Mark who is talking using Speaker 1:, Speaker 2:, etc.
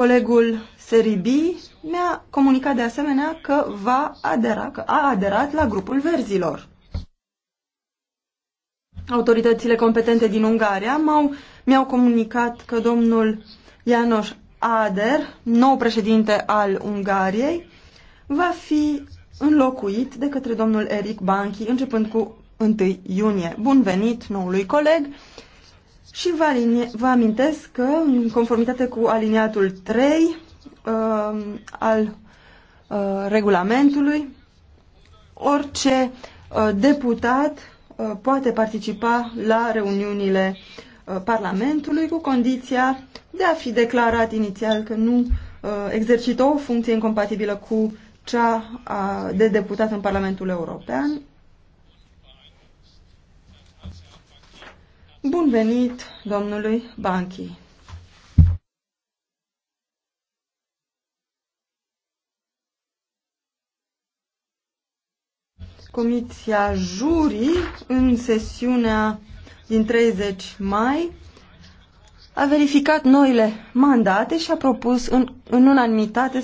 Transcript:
Speaker 1: Colegul Seribi mi-a comunicat de asemenea că va adera, că a aderat la grupul verzilor. Autoritățile competente din Ungaria m-au, mi-au comunicat că domnul Ianoș Ader, nou președinte al Ungariei, va fi înlocuit de către domnul Eric Banchi începând cu 1 iunie. Bun venit noului coleg! Și vă, aline- vă amintesc că, în conformitate cu aliniatul 3 uh, um, al uh, regulamentului, orice uh, deputat uh, poate participa la reuniunile uh, Parlamentului cu condiția de a fi declarat inițial că nu uh, exercită o funcție incompatibilă cu cea a, de deputat în Parlamentul European Bun venit domnului Banchi. Comisia Jurii, în sesiunea din 30 mai, a verificat noile mandate și a propus în, în unanimitate